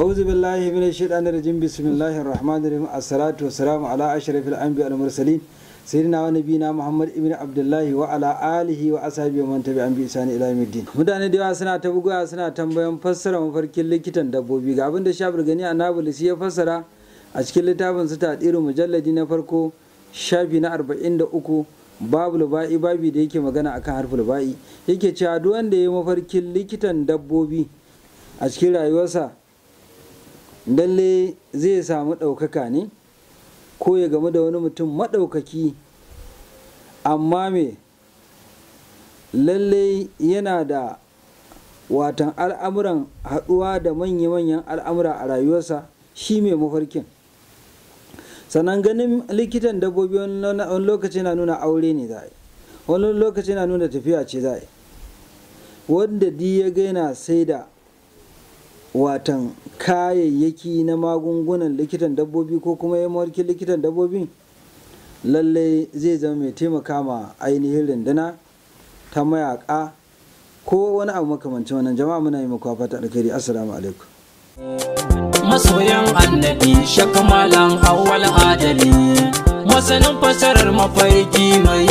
أعوذ بالله من الشيطان الرجيم بسم الله الرحمن ala الصلاة والسلام mursalin أشرف الأنبياء والمرسلين سيدنا ونبينا محمد ابن عبد الله وعلى آله wa ومن تبعهم بإحسان إلى يوم الدين mutane da yawa suna ta bugawa suna tambayan fassara mafarkin likitan dabbobi ga abin da Shabir Gani Annabulis ya fassara a cikin littafin su ta-d'irin mujalladi na farko shafi na 43 babu lubai babi da yake magana akan harfin lubai yake cewa duk wanda ya yi mafarkin likitan dabbobi a cikin rayuwarsa lalle zai samu ɗaukaka ne ko ya gamu da wani mutum maɗaukaki amma me lalle yana da watan al'amuran haɗuwa da manya-manyan al'amura a rayuwarsa shi mai mafarkin sannan ganin likitan dabbobi wani lokaci na nuna aure ne za wani lokaci na nuna tafiya ce za wanda di ya gaina sai da watan kayayyaki na magungunan likitan dabbobi ko kuma ya mawarki likitan dabbobi lallai zai zama mai taimaka ma ainihin rindina ta mayaka ko wani abu makamancin wannan jama'a muna yi makuwa fata alkhairi assalamu alaikum masoyan annabi shakamalan awwal adali masanin fasarar mafarki mai